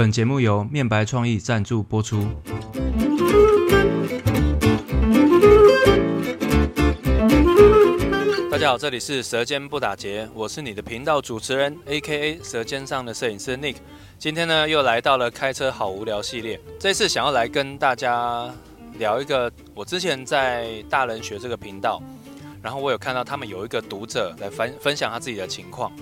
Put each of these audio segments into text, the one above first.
本節目由面白創意贊助播出。大家好，這裡是《舌尖不打結》，我是你的頻道主持人，A.K.A. 舌尖上的攝影師 Nick。今天呢，又來到了開車好無聊系列，這次想要來跟大家聊一個，我之前在大人學這個頻道，然後我有看到他們有一個讀者來分分享他自己的情況，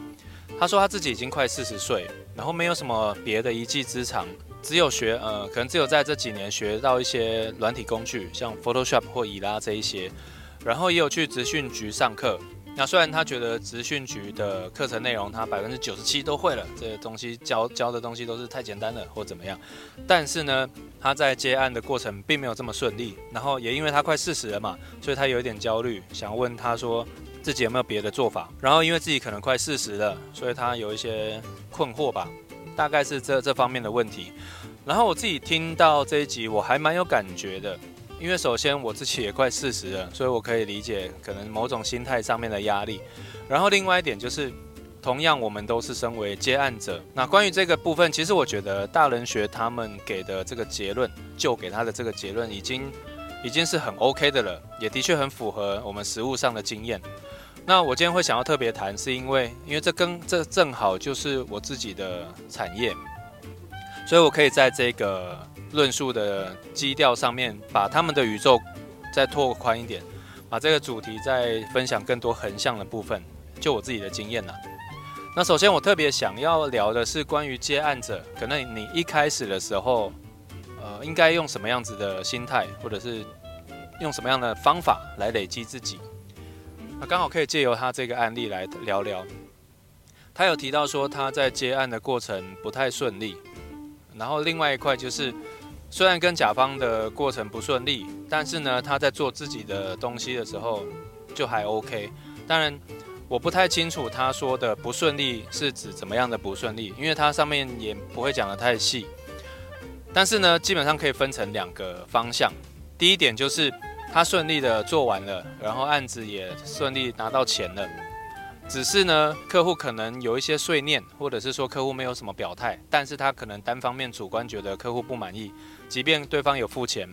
他說他自己已經快四十歲。然後沒有什麼別的一技之長，只有學呃，可能只有在這幾年學到一些軟體工具，像 Photoshop 或以、e、拉這一些，然後也有去職訓局上課。那雖然他覺得職訓局的課程內容他百分之九十七都會了，這個、東西教教的東西都是太簡單了或怎麼樣，但是呢，他在接案的過程並沒有這麼順利。然後也因為他快四十了嘛，所以他有一點焦慮，想要問他說。自己有沒有別的做法？然後因為自己可能快四十了，所以他有一些困惑吧，大概是這這方面的問題。然後我自己聽到這一集，我還蠻有感覺的，因為首先我自己也快四十了，所以我可以理解可能某種心態上面的壓力。然後另外一點就是，同樣我們都是身為接案者，那關於這個部分，其實我覺得大人學他們給的這個結論，就給他的這個結論已經已經是很 OK 的了，也的確很符合我們實務上的經驗。那我今天會想要特別談，是因為因為這跟這正好就是我自己的產業，所以我可以在這個論述的基調上面，把他們的宇宙再拓寬一點，把這個主題再分享更多橫向的部分，就我自己的經驗吶。那首先我特別想要聊的是關於接案者，可能你一開始的時候，呃，應該用什麼樣子的心態，或者是用什麼樣的方法來累積自己。那剛好可以借由他這個案例來聊聊。他有提到說他在接案的過程不太順利，然後另外一塊就是，雖然跟甲方的過程不順利，但是呢，他在做自己的東西的時候就還 OK。當然我不太清楚他說的不順利是指怎麼樣的不順利，因為他上面也不會講得太細。但是呢，基本上可以分成兩個方向。第一點就是。他順利的做完了，然後案子也順利拿到錢了。只是呢，客戶可能有一些碎念，或者是說客戶沒有什麼表態，但是他可能單方面主觀覺得客戶不滿意，即便對方有付錢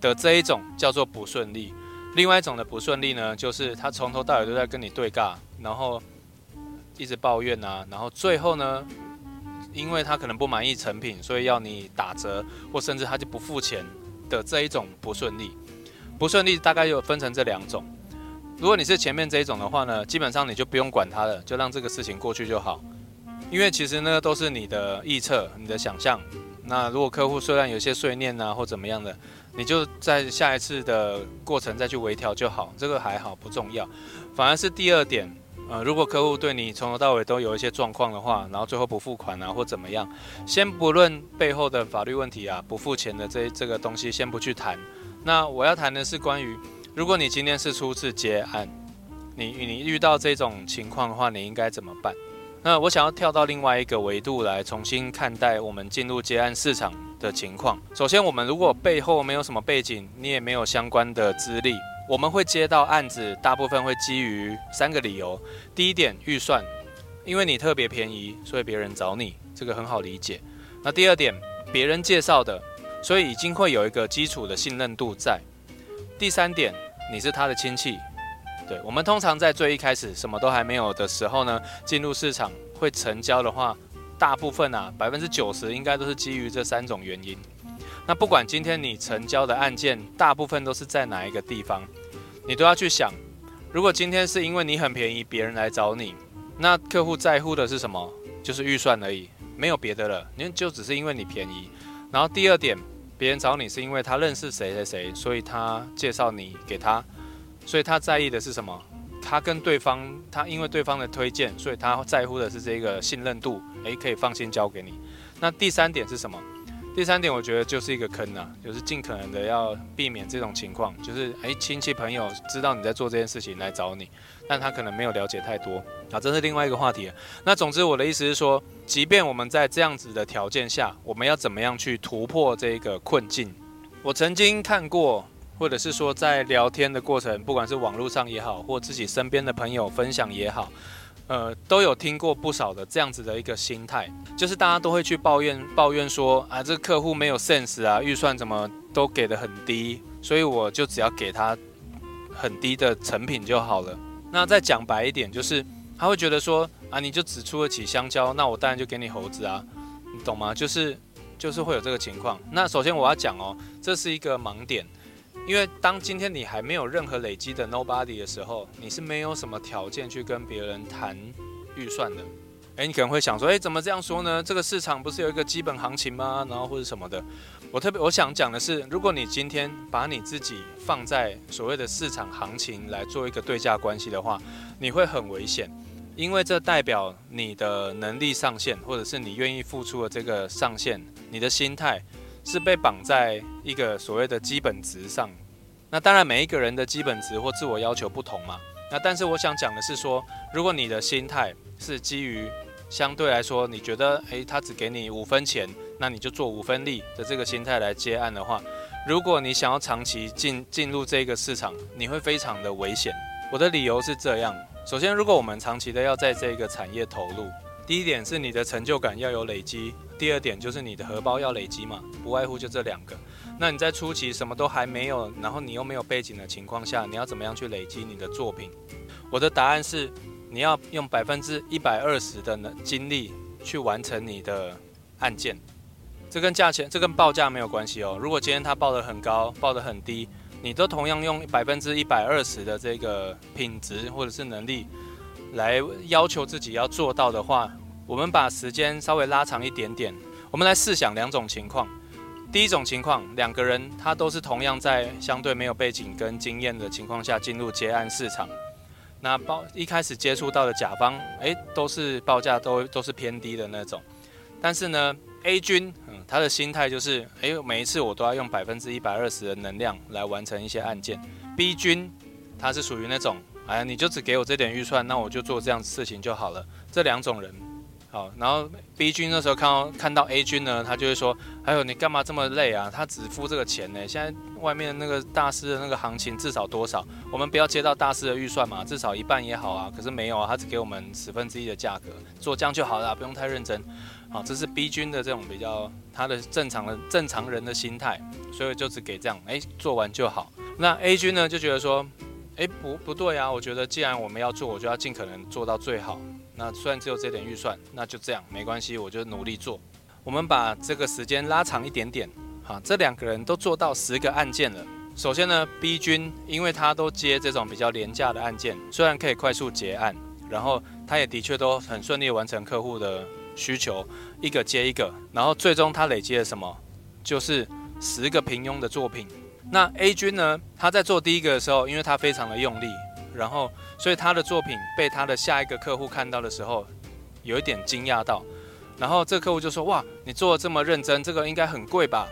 的這一種叫做不順利。另外一種的不順利呢，就是他從頭到尾都在跟你對尬，然後一直抱怨啊，然後最後呢，因為他可能不滿意成品，所以要你打折，或甚至他就不付錢的這一種不順利。不順利大概又分成這兩種，如果你是前面這一種的話呢，基本上你就不用管它了，就讓這個事情過去就好，因為其實那個都是你的臆測，你的想象。那如果客戶雖然有些碎念啊，或怎麼樣的，你就在下一次的過程再去微調就好，這個還好不重要。反而是第二點，呃，如果客戶對你從頭到尾都有一些狀況的話，然後最後不付款啊或怎麼樣，先不論背後的法律問題啊，不付錢的這這個東西先不去談。那我要談的是關於，如果你今天是初次接案，你你遇到這種情況的話，你應該怎麼辦？那我想要跳到另外一個維度來重新看待我們進入接案市場的情況。首先，我們如果背後沒有什麼背景，你也沒有相關的資歷，我們會接到案子，大部分會基於三個理由。第一點，預算，因為你特別便宜，所以別人找你，這個很好理解。那第二點，別人介紹的。所以已經會有一個基礎的信任度在。第三點，你是他的親戚。對，我們通常在最一開始什麼都還沒有的時候呢，進入市場會成交的話，大部分啊，百分之九十應該都是基於這三種原因。那不管今天你成交的案件，大部分都是在哪一個地方，你都要去想，如果今天是因為你很便宜，別人來找你，那客戶在乎的是什麼？就是預算而已，沒有別的了，因為就只是因為你便宜。然後第二點。別人找你是因為他認識誰誰誰，所以他介紹你給他，所以他在意的是什麼？他跟對方，他因為對方的推薦，所以他在乎的是這個信任度，誒，可以放心交給你。那第三點是什麼？第三點，我覺得就是一個坑吶，就是盡可能的要避免這種情況，就是誒，親戚朋友知道你在做這件事情來找你，但他可能沒有了解太多啊，這是另外一個話題。那總之，我的意思是說，即便我們在這樣子的條件下，我們要怎麼樣去突破這個困境？我曾經看過，或者是說在聊天的過程，不管是網絡上也好，或自己身邊的朋友分享也好。呃，都有聽過不少的這樣子的一個心態，就是大家都會去抱怨抱怨說啊，這個客戶沒有 sense 啊，預算怎麼都給得很低，所以我就只要給他很低的成品就好了。那再講白一點，就是他會覺得說啊，你就只出得起香蕉，那我當然就給你猴子啊，你懂嗎？就是就是會有這個情況。那首先我要講哦，這是一個盲點。因為當今天你還沒有任何累積的 nobody 的時候，你是沒有什麼條件去跟別人談預算的。誒，你可能會想說，誒，怎麼這樣說呢？這個市場不是有一個基本行情嗎？然後或者什麼的。我特別我想講的是，如果你今天把你自己放在所謂的市場行情來做一個對價關係的話，你會很危險，因為這代表你的能力上限，或者是你願意付出的這個上限，你的心態，是被綁在一個所謂的基本值上，那當然每一個人的基本值或自我要求不同嘛。那但是我想講的是說，如果你的心態是基於相對來說，你覺得誒、欸、他只給你五分錢，那你就做五分力的這個心態來接案的話，如果你想要長期進進入這個市場，你會非常的危險。我的理由是這樣，首先如果我們長期的要在這個產業投入，第一點是你的成就感要有累積。第二點就是你的荷包要累積嘛，不外乎就這兩個。那你在初期什麼都還沒有，然後你又沒有背景的情況下，你要怎麼樣去累積你的作品？我的答案是，你要用百分之一百二十的精力去完成你的案件。這跟價錢，這跟報價沒有關係哦。如果今天他報得很高，報得很低，你都同樣用百分之一百二十的這個品質或者是能力來要求自己要做到的話，我們把時間稍微拉長一點點，我們來試想兩種情況。第一種情況，兩個人他都是同樣在相對沒有背景跟經驗的情況下進入接案市場，那報一開始接觸到的甲方，誒，都是報價都都是偏低的那種。但是呢，A 君，嗯，他的心態就是，誒，每一次我都要用百分之一百二十的能量來完成一些案件。B 君，他是屬於那種，哎，你就只給我這點預算，那我就做這樣的事情就好了。這兩種人。好，然後 B 君那時候看到看到 A 君呢，他就會說：“哎呦，你幹嘛這麼累啊？他只付這個錢呢。現在外面那個大師的那個行情至少多少？我們不要接到大師的預算嘛，至少一半也好啊。可是沒有啊，他只給我們十分之一的價格，做這樣就好了、啊，不用太認真。好，這是 B 君的這種比較他的正常的正常人的心態，所以就只給這樣。誒、欸，做完就好。那 A 君呢就覺得說：哎、欸，不不對啊，我覺得既然我們要做，我就要盡可能做到最好。”那雖然只有這點預算，那就這樣沒關係，我就努力做。我們把這個時間拉長一點點，好，這兩個人都做到十個案件了。首先呢，B 君因為他都接這種比較廉價的案件，雖然可以快速結案，然後他也的確都很順利完成客戶的需求，一個接一個。然後最終他累積了什麼？就是十個平庸的作品。那 A 君呢？他在做第一個的時候，因為他非常的用力。然後，所以他的作品被他的下一個客戶看到的時候，有一點驚訝到，然後這個客戶就說：“哇，你做得這麼認真，這個應該很貴吧？”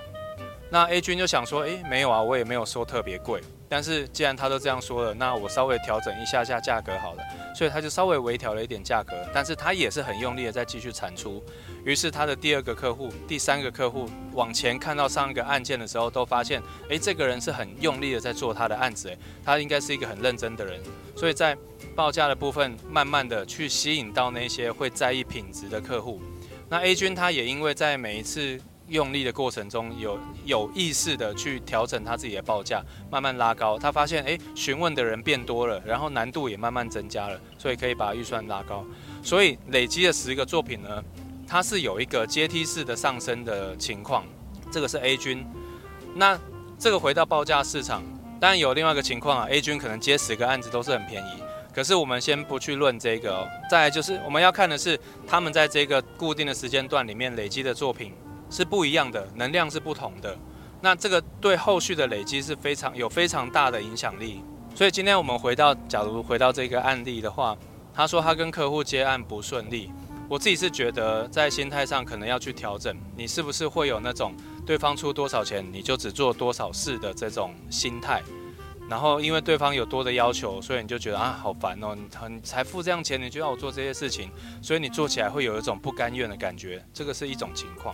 那 A 君就想說：“誒，沒有啊，我也沒有說特別貴，但是既然他都這樣說了，那我稍微調整一下下價格好了。”所以他就稍微微調了一點價格，但是他也是很用力的在繼續產出。於是他的第二個客戶、第三個客戶往前看到上一個案件的時候，都發現，誒、欸，這個人是很用力的在做他的案子。欸，他應該是一個很認真的人。所以在報價的部分，慢慢的去吸引到那些會在意品質的客戶。那 A 君他也因為在每一次，用力的過程中有，有有意識的去調整他自己的報價，慢慢拉高。他發現，誒，詢問的人變多了，然後難度也慢慢增加了，所以可以把預算拉高。所以累積的十個作品呢，它是有一個階梯式的上升的情況。這個是 A 君，那這個回到報價市場，當然有另外一個情況啊，A 君可能接十個案子都是很便宜，可是我們先不去論這個、哦。再來就是我們要看的是他們在這個固定的時間段裡面累積的作品。是不一樣的，能量是不同的，那這個對後續的累積是非常有非常大的影響力。所以今天我們回到，假如回到這個案例的話，他說他跟客戶接案不順利，我自己是覺得在心態上可能要去調整。你是不是會有那種對方出多少錢你就只做多少事的這種心態？然後因為對方有多的要求，所以你就覺得啊好煩哦、喔，你才付這樣錢你就要我做這些事情，所以你做起來會有一種不甘願的感覺。這個是一種情況。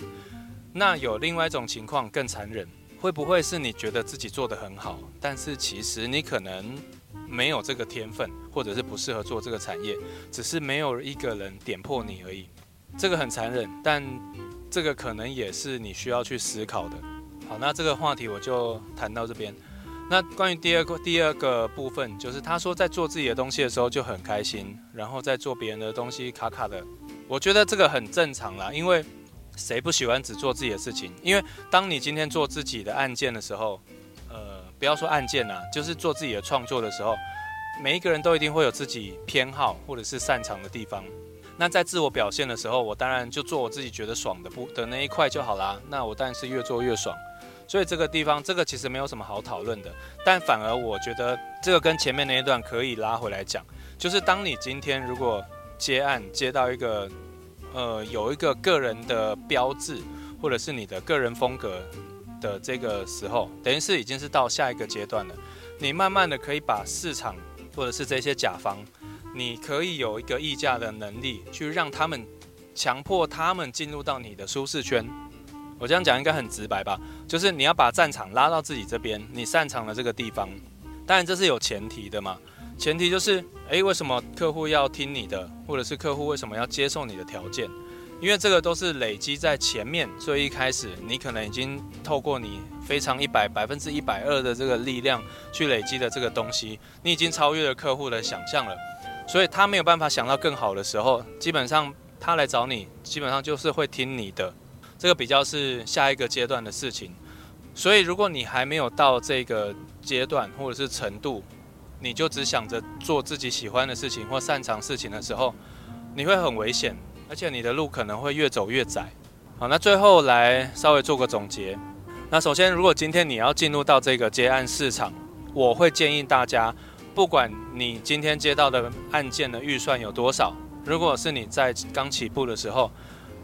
那有另外一種情況更殘忍，會不會是你覺得自己做得很好，但是其實你可能沒有這個天分，或者是不適合做這個產業，只是沒有一個人點破你而已，這個很殘忍，但這個可能也是你需要去思考的。好，那這個話題我就談到這邊。那關於第二個第二個部分，就是他說在做自己的東西的時候就很開心，然後在做別人的東西卡卡的，我覺得這個很正常啦，因為。誰不喜歡只做自己的事情？因為當你今天做自己的案件的時候，呃，不要說案件啊，就是做自己的創作的時候，每一個人都一定會有自己偏好或者是擅長的地方。那在自我表現的時候，我當然就做我自己覺得爽的不的那一塊就好啦。那我當然是越做越爽。所以這個地方，這個其實沒有什麼好討論的，但反而我覺得這個跟前面那一段可以拉回來講，就是當你今天如果接案接到一個。呃，有一個個人的標誌，或者是你的個人風格的這個時候，等於是已經是到下一個階段了。你慢慢的可以把市場或者是這些甲方，你可以有一個議價的能力，去讓他們強迫他們進入到你的舒適圈。我這樣講應該很直白吧？就是你要把戰場拉到自己這邊，你擅長的這個地方。當然這是有前提的嘛。前提就是，誒，為什麼客戶要聽你的，或者是客戶為什麼要接受你的條件？因為這個都是累積在前面，所以一開始你可能已經透過你非常一百百分之一百二的這個力量去累積的這個東西，你已經超越了客戶的想象了，所以他沒有辦法想到更好的時候，基本上他來找你，基本上就是會聽你的，這個比較是下一個階段的事情。所以如果你還沒有到這個階段或者是程度，你就只想着做自己喜歡的事情或擅長事情的時候，你會很危險，而且你的路可能會越走越窄。好，那最後來稍微做個總結。那首先，如果今天你要進入到這個接案市場，我會建議大家，不管你今天接到的案件的預算有多少，如果是你在剛起步的時候，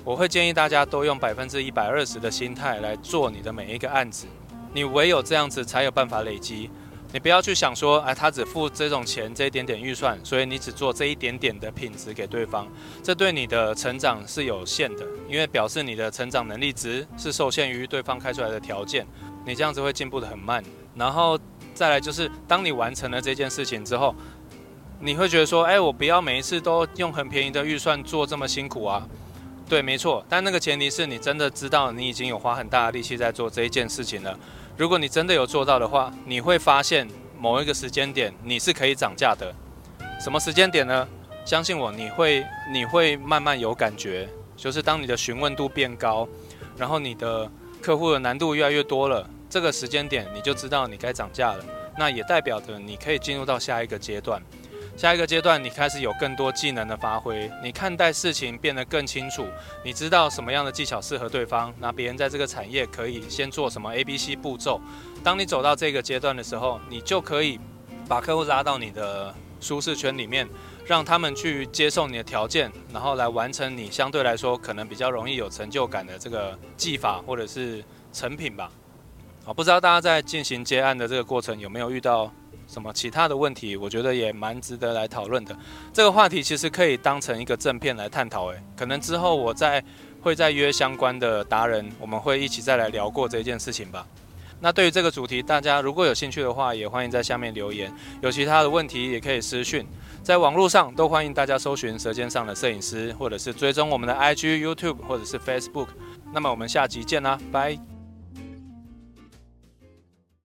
我會建議大家都用百分之一百二十的心態來做你的每一個案子，你唯有這樣子才有辦法累積。你不要去想說，哎，他只付這種錢，這一點點預算，所以你只做這一點點的品質給對方，這對你的成長是有限的，因為表示你的成長能力值是受限於對方開出來的條件，你這樣子會進步得很慢。然後再來就是，當你完成了這件事情之後，你會覺得說，哎，我不要每一次都用很便宜的預算做這麼辛苦啊。對，沒錯，但那個前提是你真的知道你已經有花很大的力氣在做這一件事情了。如果你真的有做到的話，你會發現某一個時間點你是可以漲價的。什麼時間點呢？相信我，你會你會慢慢有感覺，就是當你的詢問度變高，然後你的客戶的難度越來越多了，這個時間點你就知道你該漲價了。那也代表著你可以進入到下一個階段。下一個階段，你開始有更多技能的發揮，你看待事情變得更清楚，你知道什麼樣的技巧適合對方，那別人在這個產業可以先做什麼 ABC 步驟。當你走到這個階段的時候，你就可以把客戶拉到你的舒適圈裡面，讓他們去接受你的條件，然後來完成你相對來說可能比較容易有成就感的這個技法或者是成品吧。好，不知道大家在進行接案的這個過程有沒有遇到什麼其他的問題，我覺得也蠻值得來討論的。這個話題其實可以當成一個正片來探討。誒，可能之後我再會再約相關的達人，我們會一起再來聊過這件事情吧。那對於這個主題，大家如果有興趣的話，也歡迎在下面留言。有其他的問題，也可以私訊。在網絡上都歡迎大家搜尋《舌尖上的攝影師》，或者是追蹤我們的 IG、YouTube 或者是 Facebook。那麼我們下集見啦，拜。